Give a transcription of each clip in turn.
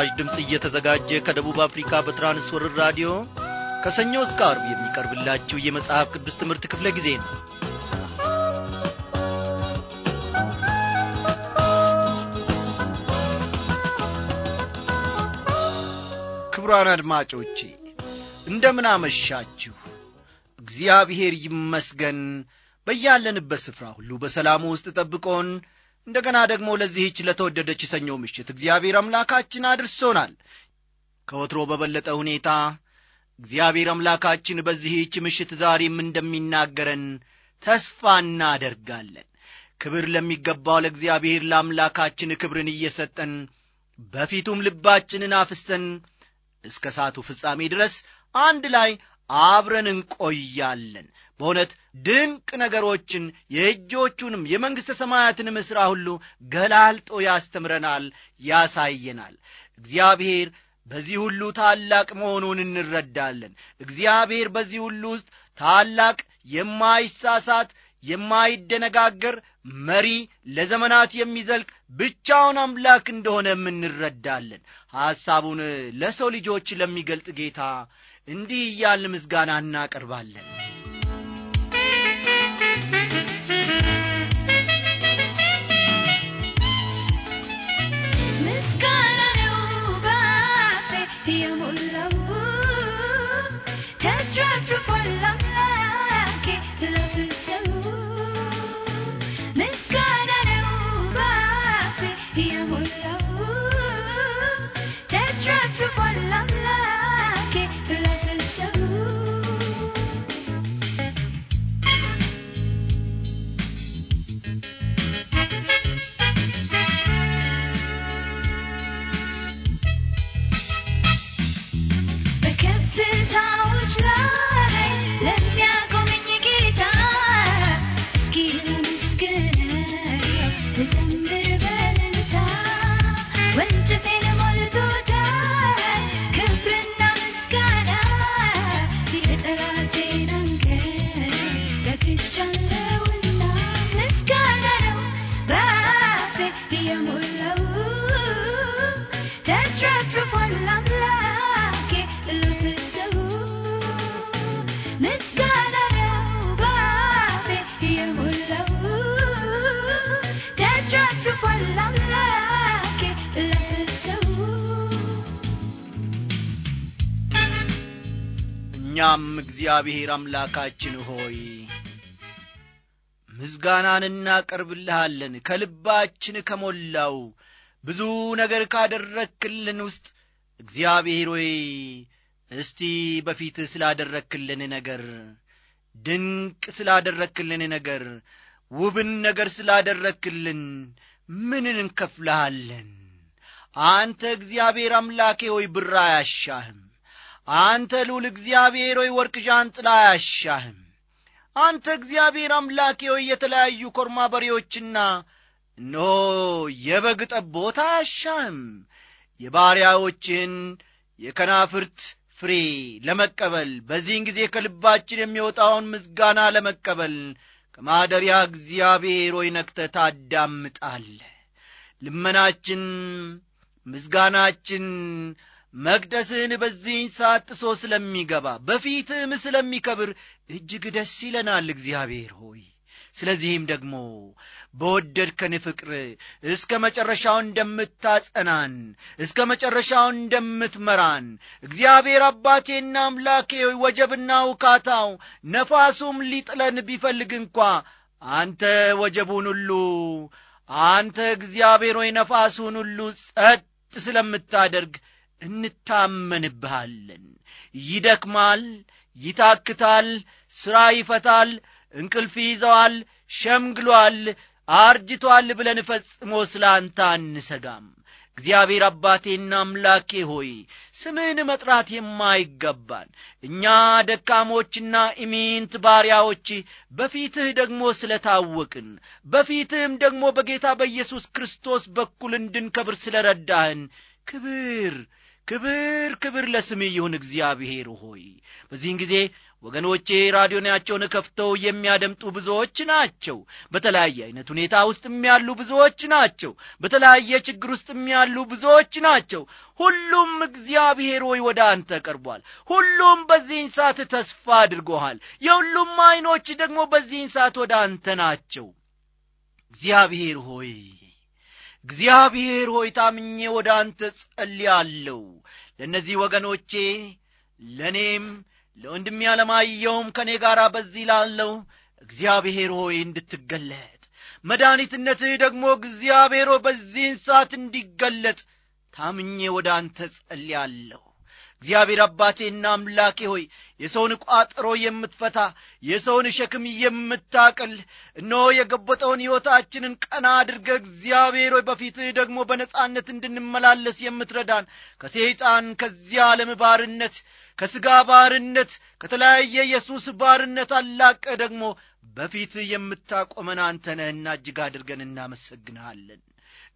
ለመስራች ድምፅ እየተዘጋጀ ከደቡብ አፍሪካ በትራንስወርር ራዲዮ ከሰኞ እስከ አርብ የሚቀርብላችሁ የመጽሐፍ ቅዱስ ትምህርት ክፍለ ጊዜ ነው ክቡራን አድማጮቼ እንደምን አመሻችሁ እግዚአብሔር ይመስገን በያለንበት ስፍራ ሁሉ በሰላሙ ውስጥ ጠብቆን እንደገና ደግሞ ለዚህች ለተወደደች ሰኞ ምሽት እግዚአብሔር አምላካችን አድርሶናል ከወትሮ በበለጠ ሁኔታ እግዚአብሔር አምላካችን በዚህች ምሽት ዛሬም እንደሚናገረን ተስፋ እናደርጋለን ክብር ለሚገባው ለእግዚአብሔር ለአምላካችን ክብርን እየሰጠን በፊቱም ልባችንን አፍሰን እስከ ሳቱ ፍጻሜ ድረስ አንድ ላይ አብረን እንቆያለን። በእውነት ድንቅ ነገሮችን የእጆቹንም የመንግሥተ ሰማያትንም ሥራ ሁሉ ገላልጦ ያስተምረናል፣ ያሳየናል። እግዚአብሔር በዚህ ሁሉ ታላቅ መሆኑን እንረዳለን። እግዚአብሔር በዚህ ሁሉ ውስጥ ታላቅ፣ የማይሳሳት፣ የማይደነጋገር መሪ፣ ለዘመናት የሚዘልቅ ብቻውን አምላክ እንደሆነም እንረዳለን። ሐሳቡን ለሰው ልጆች ለሚገልጥ ጌታ እንዲህ እያል ምስጋና እናቀርባለን። for life. እግዚአብሔር አምላካችን ሆይ ምስጋናን እናቀርብልሃለን ከልባችን ከሞላው ብዙ ነገር ካደረክልን ውስጥ እግዚአብሔር ሆይ እስቲ በፊት ስላደረክልን ነገር ድንቅ ስላደረክልን ነገር ውብን ነገር ስላደረክልን ምን እንከፍልሃለን አንተ እግዚአብሔር አምላኬ ሆይ ብራ አያሻህም አንተ ልዑል እግዚአብሔር ሆይ ወርቅ ዣንጥላ አያሻህም። አንተ እግዚአብሔር አምላኬ ሆይ የተለያዩ ኮርማ በሬዎችና ኖ የበግ ጠቦት አያሻህም። የባሪያዎችን የከናፍርት ፍሬ ለመቀበል በዚህን ጊዜ ከልባችን የሚወጣውን ምዝጋና ለመቀበል ከማደሪያ እግዚአብሔር ሆይ ነክተ ታዳምጣለ ልመናችን፣ ምዝጋናችን መቅደስህን በዚህን ሰዓት ጥሶ ስለሚገባ በፊትህም ስለሚከብር እጅግ ደስ ይለናል እግዚአብሔር ሆይ ስለዚህም ደግሞ በወደድከን ፍቅር እስከ መጨረሻው እንደምታጸናን እስከ መጨረሻው እንደምትመራን እግዚአብሔር አባቴና አምላኬ ወጀብና ውካታው ነፋሱም ሊጥለን ቢፈልግ እንኳ አንተ ወጀቡን ሁሉ አንተ እግዚአብሔር ሆይ ነፋሱን ሁሉ ጸጥ ስለምታደርግ እንታመንብሃለን። ይደክማል፣ ይታክታል፣ ሥራ ይፈታል፣ እንቅልፍ ይዘዋል፣ ሸምግሏል፣ አርጅቷል ብለን ፈጽሞ ስለ አንተ አንሰጋም። እግዚአብሔር አባቴና አምላኬ ሆይ ስምህን መጥራት የማይገባን እኛ ደካሞችና ኢሚንት ባሪያዎች በፊትህ ደግሞ ስለ ታወቅን በፊትህም ደግሞ በጌታ በኢየሱስ ክርስቶስ በኩል እንድንከብር ስለ ረዳህን ክብር ክብር ክብር ለስሜ ይሁን እግዚአብሔር ሆይ በዚህን ጊዜ ወገኖቼ ራዲዮናቸውን ከፍተው የሚያደምጡ ብዙዎች ናቸው በተለያየ አይነት ሁኔታ ውስጥም ያሉ ብዙዎች ናቸው በተለያየ ችግር ውስጥም ያሉ ብዙዎች ናቸው ሁሉም እግዚአብሔር ሆይ ወደ አንተ ቀርቧል ሁሉም በዚህን ሰዓት ተስፋ አድርጎሃል የሁሉም አይኖች ደግሞ በዚህን ሰዓት ወደ አንተ ናቸው እግዚአብሔር ሆይ እግዚአብሔር ሆይ ታምኜ ወደ አንተ ጸልያለሁ ለእነዚህ ወገኖቼ ለእኔም ለወንድሜ ያለማየውም ከእኔ ጋር በዚህ ላለው እግዚአብሔር ሆይ እንድትገለጥ መድኒትነትህ ደግሞ እግዚአብሔር በዚህን ሰዓት እንዲገለጥ ታምኜ ወደ አንተ ጸልያለሁ እግዚአብሔር አባቴና አምላኬ ሆይ የሰውን ቋጥሮ የምትፈታ የሰውን ሸክም የምታቅል እነሆ የገበጠውን ሕይወታችንን ቀና አድርገ እግዚአብሔር ሆይ በፊትህ ደግሞ በነጻነት እንድንመላለስ የምትረዳን ከሰይጣን ከዚያ ዓለም ባርነት ከሥጋ ባርነት ከተለያየ ኢየሱስ ባርነት አላቀ ደግሞ በፊት የምታቆመን አንተ ነህና እጅግ አድርገን እናመሰግንሃለን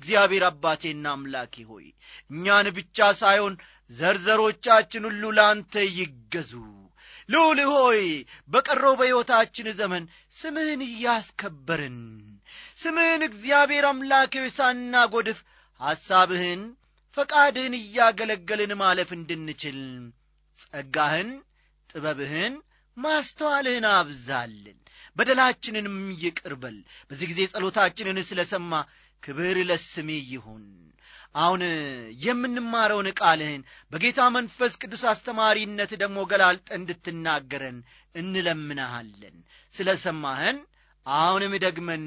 እግዚአብሔር አባቴና አምላኬ ሆይ እኛን ብቻ ሳይሆን ዘርዘሮቻችን ሁሉ ላንተ ይገዙ ልዑል ሆይ በቀረው በሕይወታችን ዘመን ስምህን እያስከበርን ስምህን እግዚአብሔር አምላኬ ሳናጐድፍ ሐሳብህን ፈቃድህን እያገለገልን ማለፍ እንድንችል ጸጋህን ጥበብህን ማስተዋልህን አብዛልን በደላችንንም ይቅርበል በዚህ ጊዜ ጸሎታችንን ስለ ሰማ ክብር ለስሜ ይሁን አሁን የምንማረውን ቃልህን በጌታ መንፈስ ቅዱስ አስተማሪነት ደግሞ ገላልጠ እንድትናገረን እንለምናሃለን ስለ ሰማህን አሁንም ደግመን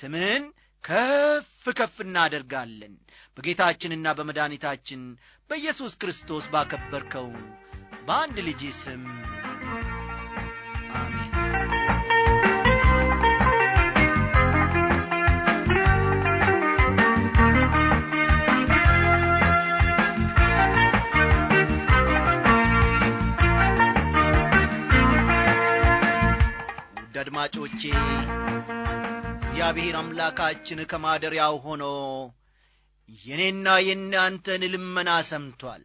ስምህን ከፍ ከፍ እናደርጋለን በጌታችንና በመድኃኒታችን በኢየሱስ ክርስቶስ ባከበርከው በአንድ ልጅ ስም አድማጮቼ እግዚአብሔር አምላካችን ከማደሪያው ሆኖ የኔና የእናንተን ልመና ሰምቷል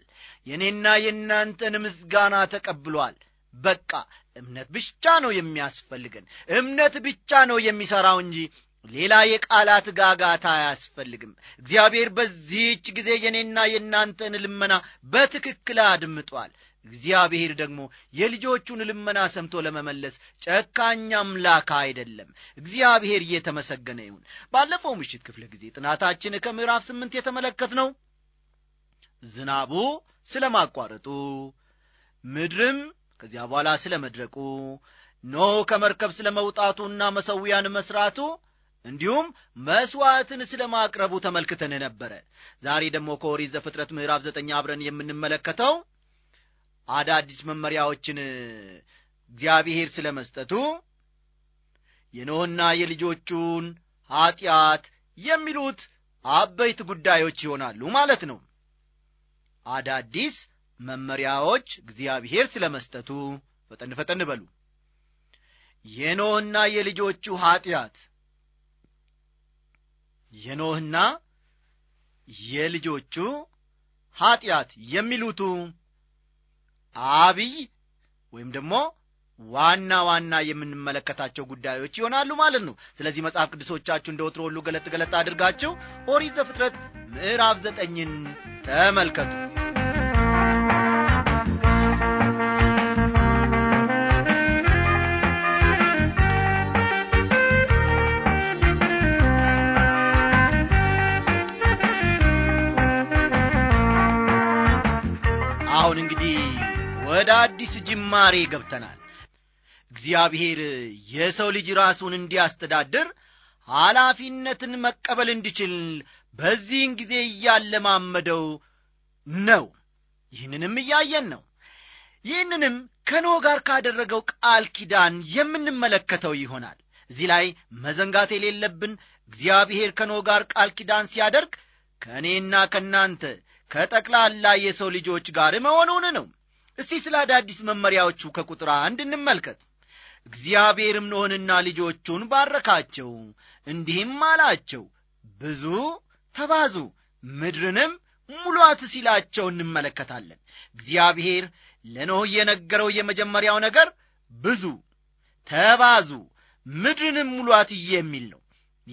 የኔና የእናንተን ምስጋና ተቀብሏል በቃ እምነት ብቻ ነው የሚያስፈልገን እምነት ብቻ ነው የሚሠራው እንጂ ሌላ የቃላት ጋጋታ አያስፈልግም እግዚአብሔር በዚህች ጊዜ የኔና የእናንተን ልመና በትክክል አድምጧል እግዚአብሔር ደግሞ የልጆቹን ልመና ሰምቶ ለመመለስ ጨካኝ አምላክ አይደለም። እግዚአብሔር እየተመሰገነ ይሁን። ባለፈው ምሽት ክፍለ ጊዜ ጥናታችን ከምዕራፍ ስምንት የተመለከት ነው። ዝናቡ ስለ ማቋረጡ፣ ምድርም ከዚያ በኋላ ስለ መድረቁ፣ ኖ ከመርከብ ስለ መውጣቱና መሰውያን መስራቱ እንዲሁም መሥዋዕትን ስለ ማቅረቡ ተመልክተን ነበረ። ዛሬ ደግሞ ከወሪዘ ፍጥረት ምዕራፍ ዘጠኝ አብረን የምንመለከተው አዳዲስ መመሪያዎችን እግዚአብሔር ስለ መስጠቱ የኖህና የልጆቹን ኀጢአት የሚሉት አበይት ጉዳዮች ይሆናሉ ማለት ነው አዳዲስ መመሪያዎች እግዚአብሔር ስለ መስጠቱ ፈጠን ፈጠን በሉ የኖህና የልጆቹ ኀጢአት የኖህና የልጆቹ ኀጢአት የሚሉቱ አብይ ወይም ደግሞ ዋና ዋና የምንመለከታቸው ጉዳዮች ይሆናሉ ማለት ነው ስለዚህ መጽሐፍ ቅዱሶቻችሁ እንደ ወትሮ ሁሉ ገለጥ ገለጥ አድርጋችሁ ኦሪት ዘፍጥረት ምዕራፍ ዘጠኝን ተመልከቱ አዲስ ጅማሬ ገብተናል እግዚአብሔር የሰው ልጅ ራሱን እንዲያስተዳድር ኃላፊነትን መቀበል እንዲችል በዚህን ጊዜ እያለማመደው ነው ይህንንም እያየን ነው ይህንንም ከኖ ጋር ካደረገው ቃል ኪዳን የምንመለከተው ይሆናል እዚህ ላይ መዘንጋት የሌለብን እግዚአብሔር ከኖ ጋር ቃል ኪዳን ሲያደርግ ከእኔና ከእናንተ ከጠቅላላ የሰው ልጆች ጋር መሆኑን ነው እስቲ ስለ አዳዲስ መመሪያዎቹ ከቁጥር አንድ እንመልከት እግዚአብሔርም ኖህንና ልጆቹን ባረካቸው እንዲህም አላቸው ብዙ ተባዙ ምድርንም ሙሏት ሲላቸው እንመለከታለን እግዚአብሔር ለኖህ የነገረው የመጀመሪያው ነገር ብዙ ተባዙ ምድርንም ሙሏት የሚል ነው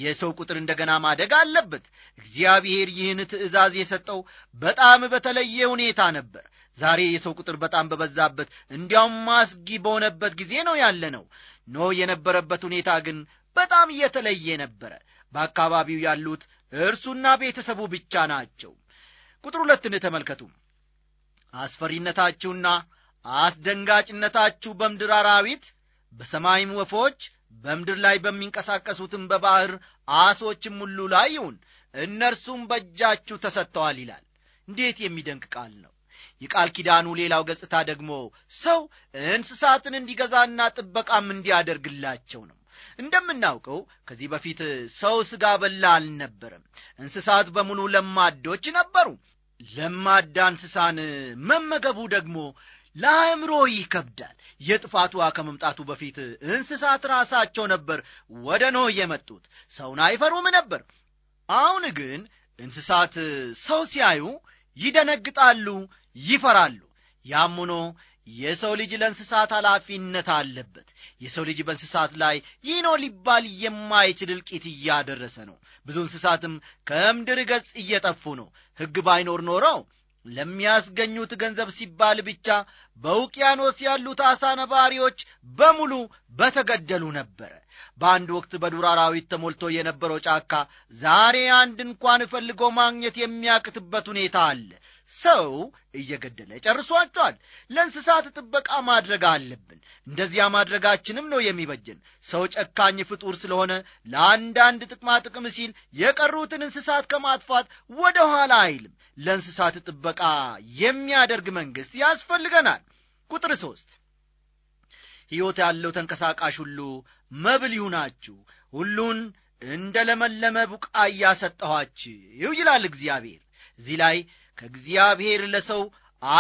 የሰው ቁጥር እንደገና ማደግ አለበት። እግዚአብሔር ይህን ትእዛዝ የሰጠው በጣም በተለየ ሁኔታ ነበር። ዛሬ የሰው ቁጥር በጣም በበዛበት እንዲያውም ማስጊ በሆነበት ጊዜ ነው ያለ ነው። የነበረበት ሁኔታ ግን በጣም የተለየ ነበረ። በአካባቢው ያሉት እርሱና ቤተሰቡ ብቻ ናቸው። ቁጥር ሁለትን ተመልከቱ። አስፈሪነታችሁና አስደንጋጭነታችሁ በምድር አራዊት፣ በሰማይም ወፎች በምድር ላይ በሚንቀሳቀሱትም በባሕር አሶችም ሁሉ ላይ ይሁን እነርሱም በእጃችሁ ተሰጥተዋል ይላል እንዴት የሚደንቅ ቃል ነው የቃል ኪዳኑ ሌላው ገጽታ ደግሞ ሰው እንስሳትን እንዲገዛና ጥበቃም እንዲያደርግላቸው ነው እንደምናውቀው ከዚህ በፊት ሰው ሥጋ በላ አልነበረም እንስሳት በሙሉ ለማዶች ነበሩ ለማዳ እንስሳን መመገቡ ደግሞ ለአእምሮ ይከብዳል። የጥፋት ውሃ ከመምጣቱ በፊት እንስሳት ራሳቸው ነበር ወደ ኖህ የመጡት። ሰውን አይፈሩም ነበር። አሁን ግን እንስሳት ሰው ሲያዩ ይደነግጣሉ፣ ይፈራሉ። ያም ሆኖ የሰው ልጅ ለእንስሳት ኃላፊነት አለበት። የሰው ልጅ በእንስሳት ላይ ይህ ነው ሊባል የማይችል እልቂት እያደረሰ ነው። ብዙ እንስሳትም ከምድር ገጽ እየጠፉ ነው። ሕግ ባይኖር ኖረው ለሚያስገኙት ገንዘብ ሲባል ብቻ በውቅያኖስ ያሉት አሳ ነባሪዎች በሙሉ በተገደሉ ነበረ። በአንድ ወቅት በዱር አራዊት ተሞልቶ የነበረው ጫካ ዛሬ አንድ እንኳን ፈልጎ ማግኘት የሚያቅትበት ሁኔታ አለ። ሰው እየገደለ ጨርሷቸዋል። ለእንስሳት ጥበቃ ማድረግ አለብን። እንደዚያ ማድረጋችንም ነው የሚበጀን። ሰው ጨካኝ ፍጡር ስለሆነ ለአንዳንድ ጥቅማ ጥቅም ሲል የቀሩትን እንስሳት ከማጥፋት ወደ ኋላ አይልም። ለእንስሳት ጥበቃ የሚያደርግ መንግሥት ያስፈልገናል። ቁጥር ሦስት ሕይወት ያለው ተንቀሳቃሽ ሁሉ መብል ይሁናችሁ፣ ሁሉን እንደ ለመለመ ቡቃያ ሰጠኋችሁ ይላል እግዚአብሔር። እዚህ ላይ ከእግዚአብሔር ለሰው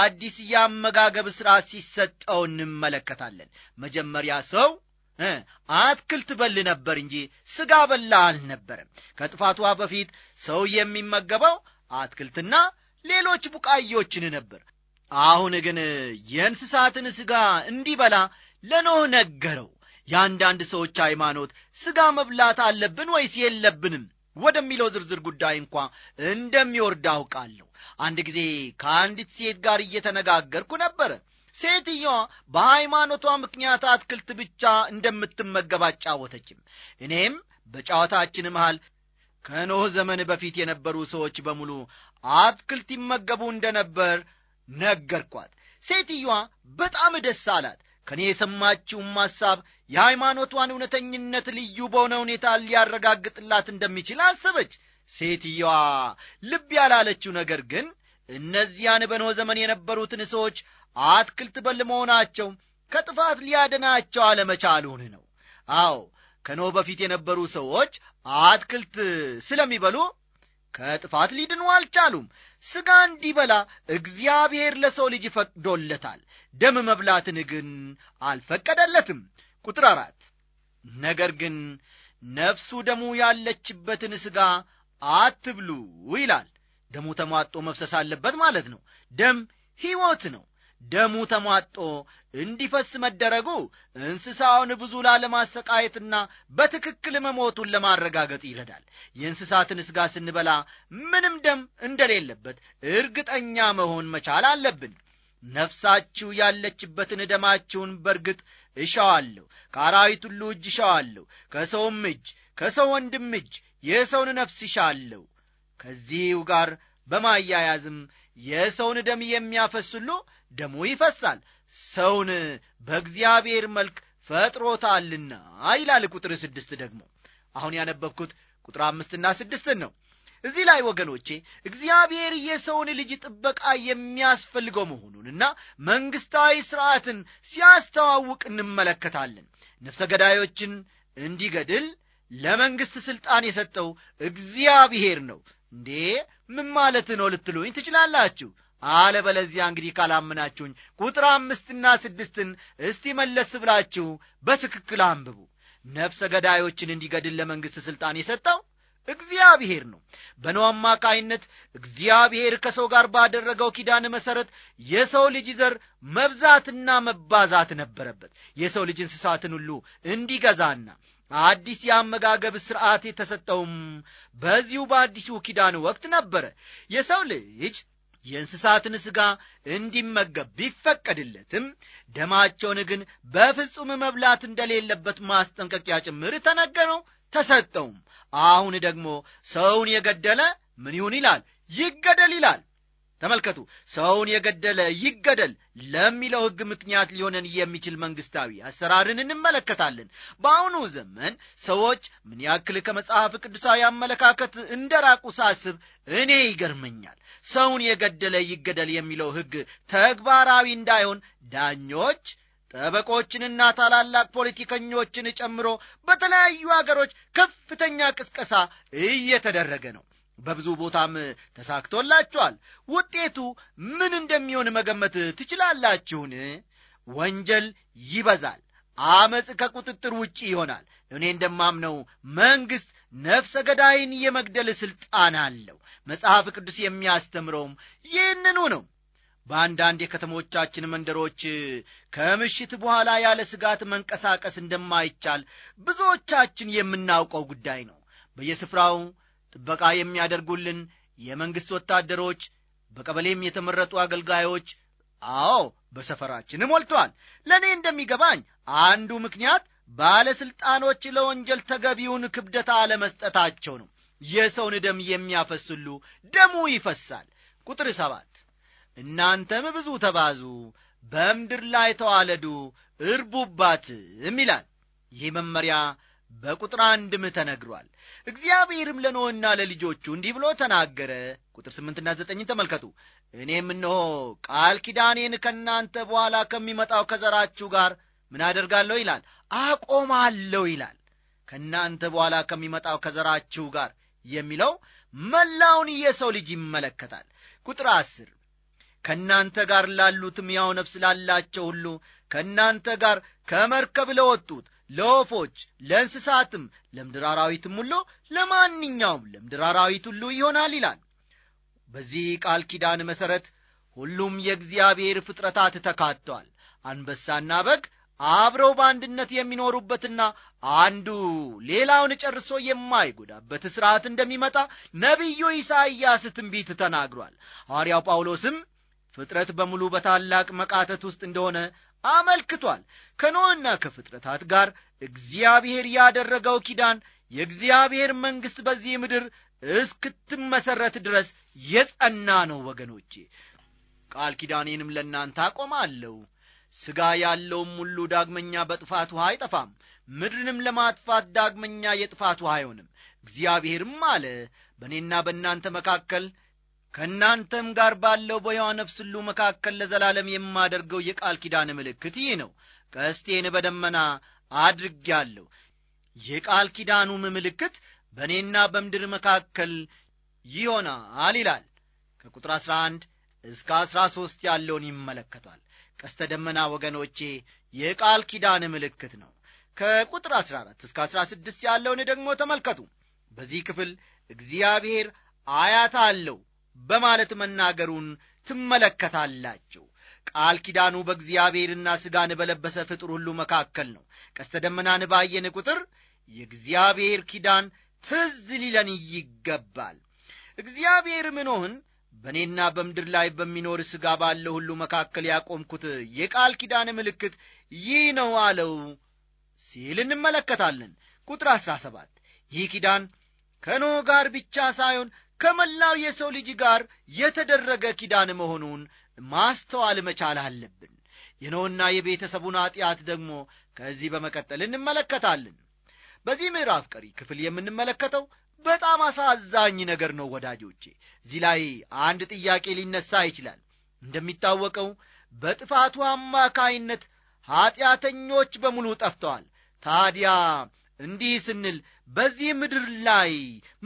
አዲስ የአመጋገብ ሥራ ሲሰጠው እንመለከታለን። መጀመሪያ ሰው አትክልት በል ነበር እንጂ ሥጋ በላ አልነበረም። ከጥፋቷ በፊት ሰው የሚመገበው አትክልትና ሌሎች ቡቃዮችን ነበር። አሁን ግን የእንስሳትን ሥጋ እንዲበላ ለኖህ ነገረው። የአንዳንድ ሰዎች ሃይማኖት ሥጋ መብላት አለብን ወይስ የለብንም ወደሚለው ዝርዝር ጉዳይ እንኳ እንደሚወርድ አውቃለሁ አንድ ጊዜ ከአንዲት ሴት ጋር እየተነጋገርኩ ነበረ ሴትየዋ በሃይማኖቷ ምክንያት አትክልት ብቻ እንደምትመገብ አጫወተችም እኔም በጨዋታችን መሃል ከኖህ ዘመን በፊት የነበሩ ሰዎች በሙሉ አትክልት ይመገቡ እንደነበር ነገርኳት ሴትየዋ በጣም ደስ አላት ከእኔ የሰማችውም ሐሳብ የሃይማኖቷን እውነተኝነት ልዩ በሆነ ሁኔታ ሊያረጋግጥላት እንደሚችል አሰበች። ሴትየዋ ልብ ያላለችው ነገር ግን እነዚያን በኖ ዘመን የነበሩትን ሰዎች አትክልት በልመሆናቸው ከጥፋት ሊያድናቸው አለመቻሉን ነው። አዎ ከኖ በፊት የነበሩ ሰዎች አትክልት ስለሚበሉ ከጥፋት ሊድኑ አልቻሉም። ሥጋ እንዲበላ እግዚአብሔር ለሰው ልጅ ፈቅዶለታል። ደም መብላትን ግን አልፈቀደለትም። ቁጥር አራት ነገር ግን ነፍሱ ደሙ ያለችበትን ሥጋ አትብሉ ይላል። ደሙ ተሟጦ መፍሰስ አለበት ማለት ነው። ደም ሕይወት ነው። ደሙ ተሟጦ እንዲፈስ መደረጉ እንስሳውን ብዙ ላለማሰቃየትና በትክክል መሞቱን ለማረጋገጥ ይረዳል። የእንስሳትን ስጋ ስንበላ ምንም ደም እንደሌለበት እርግጠኛ መሆን መቻል አለብን። ነፍሳችሁ ያለችበትን ደማችሁን በርግጥ እሻዋለሁ፣ ከአራዊት ሁሉ እጅ እሻዋለሁ፣ ከሰውም እጅ፣ ከሰው ወንድም እጅ የሰውን ነፍስ እሻለሁ። ከዚሁ ጋር በማያያዝም የሰውን ደም የሚያፈስ ሁሉ ደሙ ይፈሳል ሰውን በእግዚአብሔር መልክ ፈጥሮታልና ይላል ቁጥር ስድስት ደግሞ አሁን ያነበብኩት ቁጥር አምስትና ስድስትን ነው እዚህ ላይ ወገኖቼ እግዚአብሔር የሰውን ልጅ ጥበቃ የሚያስፈልገው መሆኑንና መንግሥታዊ ሥርዓትን ሲያስተዋውቅ እንመለከታለን ነፍሰ ገዳዮችን እንዲገድል ለመንግሥት ሥልጣን የሰጠው እግዚአብሔር ነው እንዴ ምን ማለት ነው ልትሉኝ ትችላላችሁ አለበለዚያ እንግዲህ ካላምናችሁኝ ቁጥር አምስትና ስድስትን እስቲ መለስ ብላችሁ በትክክል አንብቡ ነፍሰ ገዳዮችን እንዲገድል ለመንግሥት ሥልጣን የሰጠው እግዚአብሔር ነው በኖ አማካይነት እግዚአብሔር ከሰው ጋር ባደረገው ኪዳን መሠረት የሰው ልጅ ዘር መብዛትና መባዛት ነበረበት የሰው ልጅ እንስሳትን ሁሉ እንዲገዛና አዲስ የአመጋገብ ሥርዓት የተሰጠውም በዚሁ በአዲሱ ኪዳን ወቅት ነበረ። የሰው ልጅ የእንስሳትን ሥጋ እንዲመገብ ቢፈቀድለትም ደማቸውን ግን በፍጹም መብላት እንደሌለበት ማስጠንቀቂያ ጭምር ተነገረው ተሰጠውም። አሁን ደግሞ ሰውን የገደለ ምን ይሁን ይላል? ይገደል ይላል። ተመልከቱ ሰውን የገደለ ይገደል ለሚለው ሕግ ምክንያት ሊሆነን የሚችል መንግስታዊ አሰራርን እንመለከታለን በአሁኑ ዘመን ሰዎች ምን ያክል ከመጽሐፍ ቅዱሳዊ አመለካከት ራቁ ሳስብ እኔ ይገርመኛል ሰውን የገደለ ይገደል የሚለው ሕግ ተግባራዊ እንዳይሆን ዳኞች ጠበቆችንና ታላላቅ ፖለቲከኞችን ጨምሮ በተለያዩ አገሮች ከፍተኛ ቅስቀሳ እየተደረገ ነው በብዙ ቦታም ተሳክቶላችኋል ውጤቱ ምን እንደሚሆን መገመት ትችላላችሁን ወንጀል ይበዛል አመፅ ከቁጥጥር ውጪ ይሆናል እኔ እንደማምነው መንግሥት ነፍሰ ገዳይን የመግደል ሥልጣን አለው መጽሐፍ ቅዱስ የሚያስተምረውም ይህንኑ ነው በአንዳንድ የከተሞቻችን መንደሮች ከምሽት በኋላ ያለ ስጋት መንቀሳቀስ እንደማይቻል ብዙዎቻችን የምናውቀው ጉዳይ ነው በየስፍራው ጥበቃ የሚያደርጉልን የመንግሥት ወታደሮች፣ በቀበሌም የተመረጡ አገልጋዮች፣ አዎ በሰፈራችን ሞልተዋል። ለእኔ እንደሚገባኝ አንዱ ምክንያት ባለሥልጣኖች ለወንጀል ተገቢውን ክብደት አለመስጠታቸው ነው። የሰውን ደም የሚያፈስሉ ደሙ ይፈሳል። ቁጥር ሰባት እናንተም ብዙ ተባዙ፣ በምድር ላይ ተዋለዱ፣ እርቡባትም ይላል። ይህ መመሪያ በቁጥር አንድም ተነግሯል። እግዚአብሔርም ለኖህና ለልጆቹ እንዲህ ብሎ ተናገረ ቁጥር ስምንትና ዘጠኝን ተመልከቱ እኔም እንሆ ቃል ኪዳኔን ከእናንተ በኋላ ከሚመጣው ከዘራችሁ ጋር ምን አደርጋለሁ ይላል አቆማለሁ ይላል ከእናንተ በኋላ ከሚመጣው ከዘራችሁ ጋር የሚለው መላውን የሰው ልጅ ይመለከታል ቁጥር አስር ከእናንተ ጋር ላሉት ያው ነፍስ ላላቸው ሁሉ ከእናንተ ጋር ከመርከብ ለወጡት ለወፎች ለእንስሳትም ለምድር አራዊትም ሁሉ ለማንኛውም ለምድር አራዊት ሁሉ ይሆናል ይላል በዚህ ቃል ኪዳን መሠረት ሁሉም የእግዚአብሔር ፍጥረታት ተካተዋል አንበሳና በግ አብረው በአንድነት የሚኖሩበትና አንዱ ሌላውን ጨርሶ የማይጎዳበት ሥርዓት እንደሚመጣ ነቢዩ ኢሳይያስ ትንቢት ተናግሯል ሐዋርያው ጳውሎስም ፍጥረት በሙሉ በታላቅ መቃተት ውስጥ እንደሆነ አመልክቷል። ከኖህና ከፍጥረታት ጋር እግዚአብሔር ያደረገው ኪዳን የእግዚአብሔር መንግሥት በዚህ ምድር እስክትመሠረት ድረስ የጸና ነው። ወገኖቼ ቃል ኪዳኔንም ለእናንተ አቆማለሁ፣ ሥጋ ያለውም ሁሉ ዳግመኛ በጥፋት ውሃ አይጠፋም፣ ምድርንም ለማጥፋት ዳግመኛ የጥፋት ውሃ አይሆንም። እግዚአብሔርም አለ በእኔና በእናንተ መካከል ከእናንተም ጋር ባለው በሕያው ነፍስ ሁሉ መካከል ለዘላለም የማደርገው የቃል ኪዳን ምልክት ይህ ነው ቀስቴን በደመና አድርጌአለሁ የቃል ኪዳኑም ምልክት በእኔና በምድር መካከል ይሆናል ይላል ከቁጥር 11 እስከ 13 ያለውን ይመለከቷል ቀስተ ደመና ወገኖቼ የቃል ኪዳን ምልክት ነው ከቁጥር 14 እስከ 16 ያለውን ደግሞ ተመልከቱ በዚህ ክፍል እግዚአብሔር አያት አለው በማለት መናገሩን ትመለከታላችሁ። ቃል ኪዳኑ በእግዚአብሔርና ሥጋን በለበሰ ፍጡር ሁሉ መካከል ነው። ቀስተ ደመናን ባየን ቁጥር የእግዚአብሔር ኪዳን ትዝ ሊለን ይገባል። እግዚአብሔር ኖኅን በእኔና በምድር ላይ በሚኖር ሥጋ ባለው ሁሉ መካከል ያቆምኩት የቃል ኪዳን ምልክት ይህ ነው አለው ሲል እንመለከታለን። ቁጥር 17 ይህ ኪዳን ከኖ ጋር ብቻ ሳይሆን ከመላው የሰው ልጅ ጋር የተደረገ ኪዳን መሆኑን ማስተዋል መቻል አለብን። የኖህና የቤተሰቡን ኀጢአት ደግሞ ከዚህ በመቀጠል እንመለከታለን። በዚህ ምዕራፍ ቀሪ ክፍል የምንመለከተው በጣም አሳዛኝ ነገር ነው ወዳጆቼ። እዚህ ላይ አንድ ጥያቄ ሊነሳ ይችላል። እንደሚታወቀው በጥፋቱ አማካይነት ኀጢአተኞች በሙሉ ጠፍተዋል። ታዲያ እንዲህ ስንል በዚህ ምድር ላይ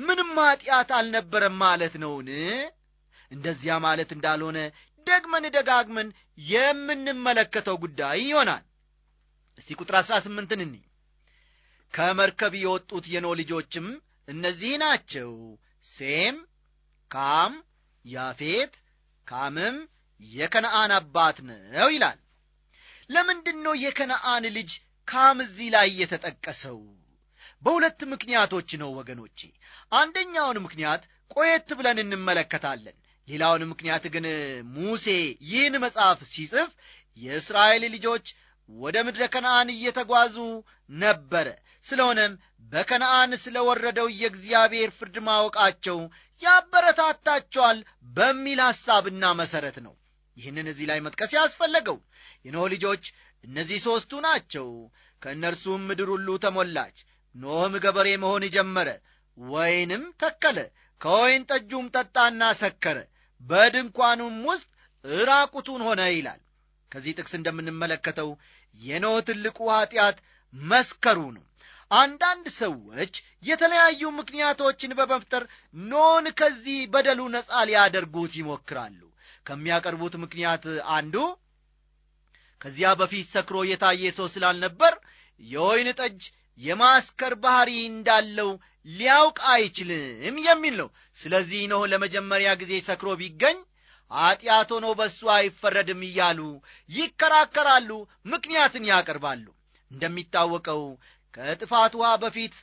ምንም ኀጢአት አልነበረም ማለት ነውን? እንደዚያ ማለት እንዳልሆነ ደግመን ደጋግመን የምንመለከተው ጉዳይ ይሆናል። እስቲ ቁጥር አሥራ ስምንትን እኒ ከመርከብ የወጡት የኖ ልጆችም እነዚህ ናቸው፣ ሴም፣ ካም፣ ያፌት፣ ካምም የከነአን አባት ነው ይላል። ለምንድን ነው የከነአን ልጅ ካም እዚህ ላይ የተጠቀሰው በሁለት ምክንያቶች ነው ወገኖቼ አንደኛውን ምክንያት ቆየት ብለን እንመለከታለን ሌላውን ምክንያት ግን ሙሴ ይህን መጽሐፍ ሲጽፍ የእስራኤል ልጆች ወደ ምድረ ከነአን እየተጓዙ ነበረ ስለሆነም በከነአን ስለ ወረደው የእግዚአብሔር ፍርድ ማወቃቸው ያበረታታቸዋል በሚል ሐሳብና መሠረት ነው ይህንን እዚህ ላይ መጥቀስ ያስፈለገው የኖ ልጆች እነዚህ ሦስቱ ናቸው ከእነርሱም ምድር ሁሉ ተሞላች ኖህም ገበሬ መሆን ጀመረ፣ ወይንም ተከለ። ከወይን ጠጁም ጠጣና ሰከረ፣ በድንኳኑም ውስጥ እራቁቱን ሆነ ይላል። ከዚህ ጥቅስ እንደምንመለከተው የኖ ትልቁ ኀጢአት መስከሩ ነው። አንዳንድ ሰዎች የተለያዩ ምክንያቶችን በመፍጠር ኖን ከዚህ በደሉ ነጻ ሊያደርጉት ይሞክራሉ። ከሚያቀርቡት ምክንያት አንዱ ከዚያ በፊት ሰክሮ የታየ ሰው ስላልነበር የወይን ጠጅ የማስከር ባሕሪ እንዳለው ሊያውቅ አይችልም የሚል ነው ስለዚህ ነው ለመጀመሪያ ጊዜ ሰክሮ ቢገኝ ኀጢአት ሆኖ በእሱ አይፈረድም እያሉ ይከራከራሉ ምክንያትን ያቀርባሉ እንደሚታወቀው ከጥፋት ውሃ በፊት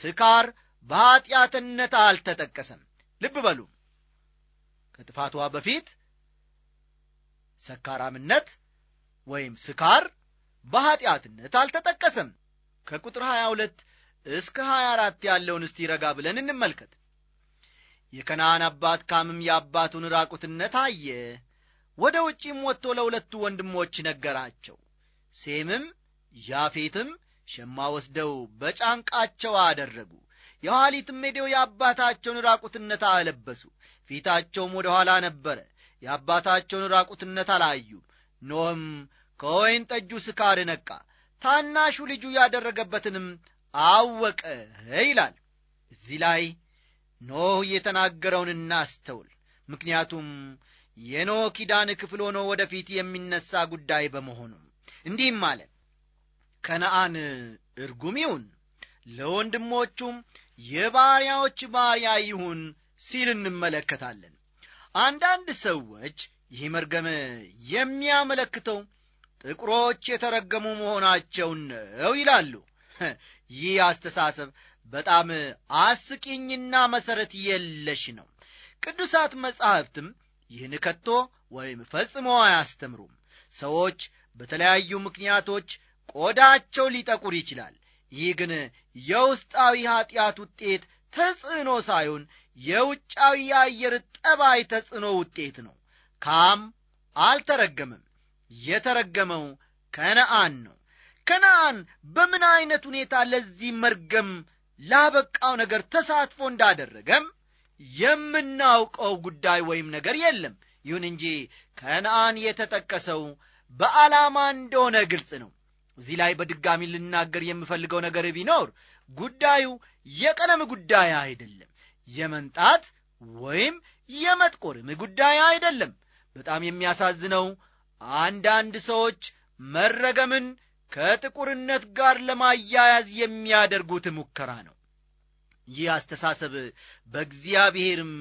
ስካር በኀጢአትነት አልተጠቀሰም ልብ በሉ ከጥፋት ውሃ በፊት ሰካራምነት ወይም ስካር በኀጢአትነት አልተጠቀሰም ከቁጥር 22 እስከ 24 ያለውን እስቲ ረጋ ብለን እንመልከት። የከነዓን አባት ካምም የአባቱን ራቁትነት አየ። ወደ ውጪም ወጥቶ ለሁለቱ ወንድሞች ነገራቸው። ሴምም ያፌትም ሸማ ወስደው በጫንቃቸው አደረጉ። የኋሊትም ሄደው የአባታቸውን ራቁትነት አለበሱ። ፊታቸውም ወደ ኋላ ነበረ፣ የአባታቸውን ራቁትነት አላዩም። ኖህም ከወይን ጠጁ ስካር ነቃ፣ ታናሹ ልጁ ያደረገበትንም አወቀ ይላል። እዚህ ላይ ኖህ የተናገረውን እናስተውል። ምክንያቱም የኖህ ኪዳን ክፍል ሆኖ ወደፊት የሚነሳ ጉዳይ በመሆኑ እንዲህም አለ። ከነአን እርጉም ይሁን ለወንድሞቹም የባሪያዎች ባሪያ ይሁን ሲል እንመለከታለን። አንዳንድ ሰዎች ይህ መርገም የሚያመለክተው ጥቁሮች የተረገሙ መሆናቸውን ነው ይላሉ። ይህ አስተሳሰብ በጣም አስቂኝና መሠረት የለሽ ነው። ቅዱሳት መጻሕፍትም ይህን ከቶ ወይም ፈጽሞ አያስተምሩም። ሰዎች በተለያዩ ምክንያቶች ቆዳቸው ሊጠቁር ይችላል። ይህ ግን የውስጣዊ ኀጢአት ውጤት ተጽዕኖ ሳይሆን የውጫዊ የአየር ጠባይ ተጽዕኖ ውጤት ነው። ካም አልተረገምም። የተረገመው ከነአን ነው። ከነአን በምን ዐይነት ሁኔታ ለዚህ መርገም ላበቃው ነገር ተሳትፎ እንዳደረገም የምናውቀው ጉዳይ ወይም ነገር የለም። ይሁን እንጂ ከነአን የተጠቀሰው በዓላማ እንደሆነ ግልጽ ነው። እዚህ ላይ በድጋሚ ልናገር የምፈልገው ነገር ቢኖር ጉዳዩ የቀለም ጉዳይ አይደለም። የመንጣት ወይም የመጥቆርም ጉዳይ አይደለም። በጣም የሚያሳዝነው አንዳንድ ሰዎች መረገምን ከጥቁርነት ጋር ለማያያዝ የሚያደርጉት ሙከራ ነው ይህ አስተሳሰብ በእግዚአብሔርም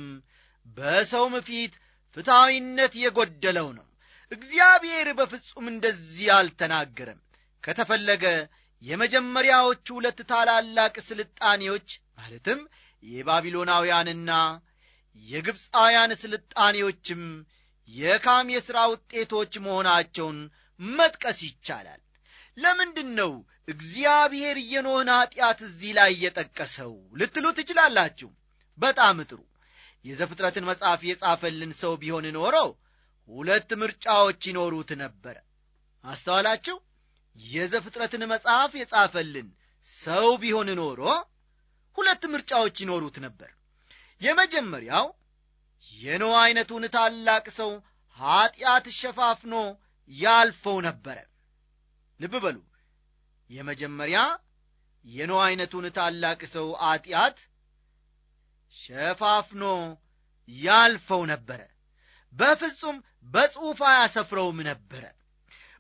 በሰውም ፊት ፍትሐዊነት የጎደለው ነው እግዚአብሔር በፍጹም እንደዚህ አልተናገረም ከተፈለገ የመጀመሪያዎቹ ሁለት ታላላቅ ስልጣኔዎች ማለትም የባቢሎናውያንና የግብፃውያን ስልጣኔዎችም የካም የሥራ ውጤቶች መሆናቸውን መጥቀስ ይቻላል። ለምንድን ነው እግዚአብሔር የኖኅን ኀጢአት እዚህ ላይ እየጠቀሰው ልትሉ ትችላላችሁ። በጣም ጥሩ። የዘፍጥረትን መጽሐፍ የጻፈልን ሰው ቢሆን ኖሮ ሁለት ምርጫዎች ይኖሩት ነበረ። አስተዋላችሁ? የዘፍጥረትን መጽሐፍ የጻፈልን ሰው ቢሆን ኖሮ ሁለት ምርጫዎች ይኖሩት ነበር። የመጀመሪያው የኖ ዐይነቱን ታላቅ ሰው ኀጢአት ሸፋፍኖ ያልፈው ነበረ። ልብ በሉ። የመጀመሪያ የኖ ዐይነቱን ታላቅ ሰው ኀጢአት ሸፋፍኖ ያልፈው ነበረ። በፍጹም በጽሑፍ አያሰፍረውም ነበረ።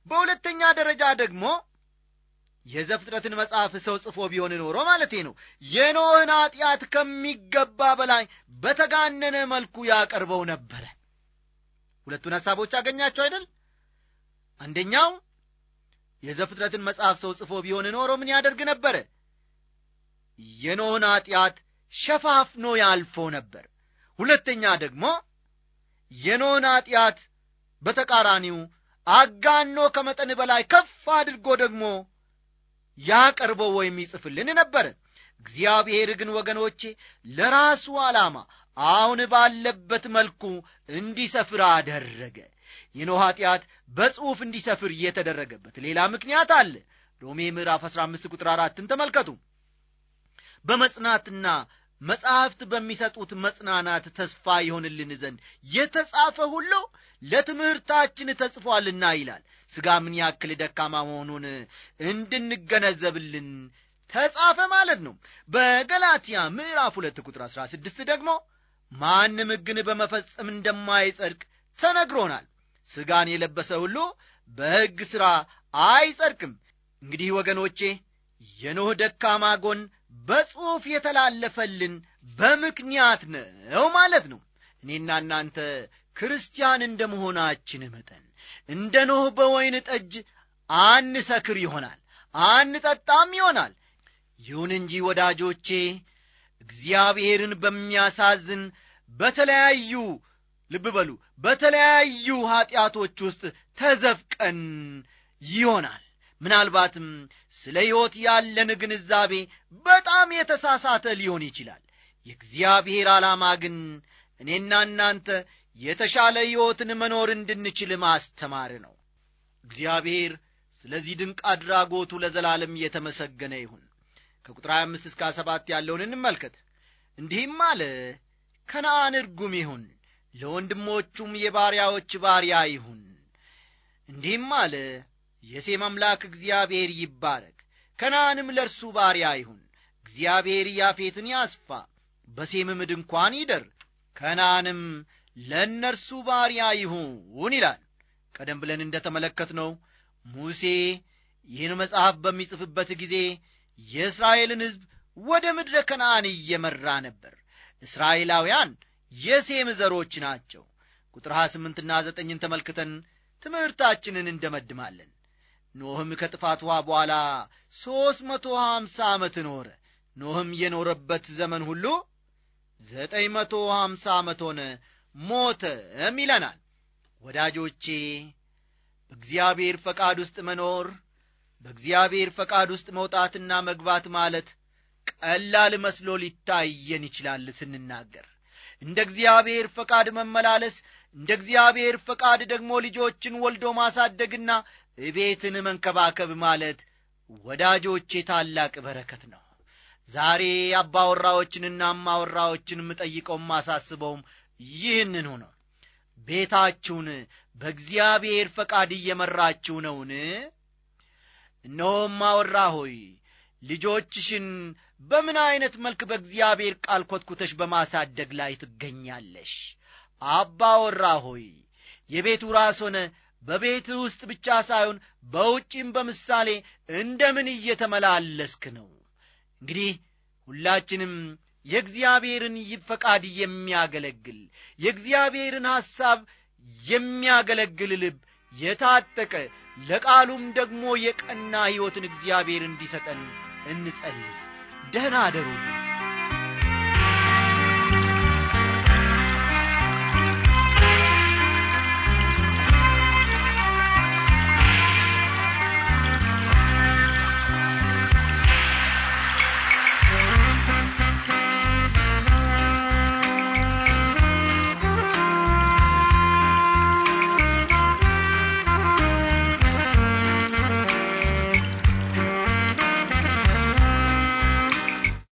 በሁለተኛ ደረጃ ደግሞ የዘፍጥረትን መጽሐፍ ሰው ጽፎ ቢሆን ኖሮ ማለቴ ነው የኖህን ኀጢአት ከሚገባ በላይ በተጋነነ መልኩ ያቀርበው ነበረ ሁለቱን ሐሳቦች አገኛቸው አይደል አንደኛው የዘፍጥረትን መጽሐፍ ሰው ጽፎ ቢሆን ኖሮ ምን ያደርግ ነበረ የኖህን ኀጢአት ሸፋፍኖ ያልፎ ነበር ሁለተኛ ደግሞ የኖህን ኀጢአት በተቃራኒው አጋኖ ከመጠን በላይ ከፍ አድርጎ ደግሞ ያቀርበው ወይም ይጽፍልን ነበር። እግዚአብሔር ግን ወገኖቼ ለራሱ ዓላማ አሁን ባለበት መልኩ እንዲሰፍር አደረገ። የኖህ ኃጢአት በጽሑፍ እንዲሰፍር የተደረገበት ሌላ ምክንያት አለ። ሮሜ ምዕራፍ 15 ቁጥር 4ን ተመልከቱ። በመጽናትና መጽሐፍት በሚሰጡት መጽናናት ተስፋ ይሆንልን ዘንድ የተጻፈ ሁሉ ለትምህርታችን ተጽፏልና ይላል ሥጋ ምን ያክል ደካማ መሆኑን እንድንገነዘብልን ተጻፈ ማለት ነው በገላትያ ምዕራፍ 2 ቁጥር 16 ደግሞ ማንም ሕግን በመፈጸም እንደማይጸድቅ ተነግሮናል ሥጋን የለበሰ ሁሉ በሕግ ሥራ አይጸድቅም እንግዲህ ወገኖቼ የኖህ ደካማ ጎን በጽሑፍ የተላለፈልን በምክንያት ነው ማለት ነው። እኔና እናንተ ክርስቲያን እንደ መሆናችን መጠን እንደ ኖህ በወይን ጠጅ አንሰክር ይሆናል፣ አንጠጣም ይሆናል። ይሁን እንጂ ወዳጆቼ እግዚአብሔርን በሚያሳዝን በተለያዩ ልብ በሉ በተለያዩ ኀጢአቶች ውስጥ ተዘፍቀን ይሆናል። ምናልባትም ስለ ሕይወት ያለን ግንዛቤ በጣም የተሳሳተ ሊሆን ይችላል። የእግዚአብሔር ዓላማ ግን እኔና እናንተ የተሻለ ሕይወትን መኖር እንድንችል ማስተማር ነው። እግዚአብሔር ስለዚህ ድንቅ አድራጎቱ ለዘላለም የተመሰገነ ይሁን። ከቁጥር 25 እስከ 7 ያለውን እንመልከት። እንዲህም አለ፣ ከነአን እርጉም ይሁን፣ ለወንድሞቹም የባሪያዎች ባሪያ ይሁን። እንዲህም አለ የሴም አምላክ እግዚአብሔር ይባረክ፣ ከናንም ለእርሱ ባሪያ ይሁን። እግዚአብሔር ያፌትን ያስፋ፣ በሴምም ድንኳን ይደር፣ ከናንም ለእነርሱ ባሪያ ይሁን ይላል። ቀደም ብለን እንደ ተመለከትነው ሙሴ ይህን መጽሐፍ በሚጽፍበት ጊዜ የእስራኤልን ሕዝብ ወደ ምድረ ከነአን እየመራ ነበር። እስራኤላውያን የሴም ዘሮች ናቸው። ቁጥር 28ና 9ን ተመልክተን ትምህርታችንን እንደመድማለን። ኖህም ከጥፋት ውሃ በኋላ ሦስት መቶ ሀምሳ ዓመት ኖረ። ኖህም የኖረበት ዘመን ሁሉ ዘጠኝ መቶ ሀምሳ ዓመት ሆነ፣ ሞተም ይለናል። ወዳጆቼ በእግዚአብሔር ፈቃድ ውስጥ መኖር በእግዚአብሔር ፈቃድ ውስጥ መውጣትና መግባት ማለት ቀላል መስሎ ሊታየን ይችላል ስንናገር እንደ እግዚአብሔር ፈቃድ መመላለስ እንደ እግዚአብሔር ፈቃድ ደግሞ ልጆችን ወልዶ ማሳደግና ቤትን መንከባከብ ማለት ወዳጆቼ ታላቅ በረከት ነው ዛሬ አባወራዎችንና አማወራዎችን የምጠይቀው ማሳስበውም ይህንኑ ነው ቤታችሁን በእግዚአብሔር ፈቃድ እየመራችሁ ነውን እነሆ ማወራ ሆይ ልጆችሽን በምን ዐይነት መልክ በእግዚአብሔር ቃል ኰትኩተሽ በማሳደግ ላይ ትገኛለሽ? አባወራ ሆይ የቤቱ ራስ ሆነ በቤት ውስጥ ብቻ ሳይሆን በውጪም በምሳሌ እንደምን እየተመላለስክ ነው? እንግዲህ ሁላችንም የእግዚአብሔርን ፈቃድ የሚያገለግል የእግዚአብሔርን ሐሳብ የሚያገለግል ልብ የታጠቀ ለቃሉም ደግሞ የቀና ሕይወትን እግዚአብሔር እንዲሰጠን እንጸልይ። ደህና አደሩ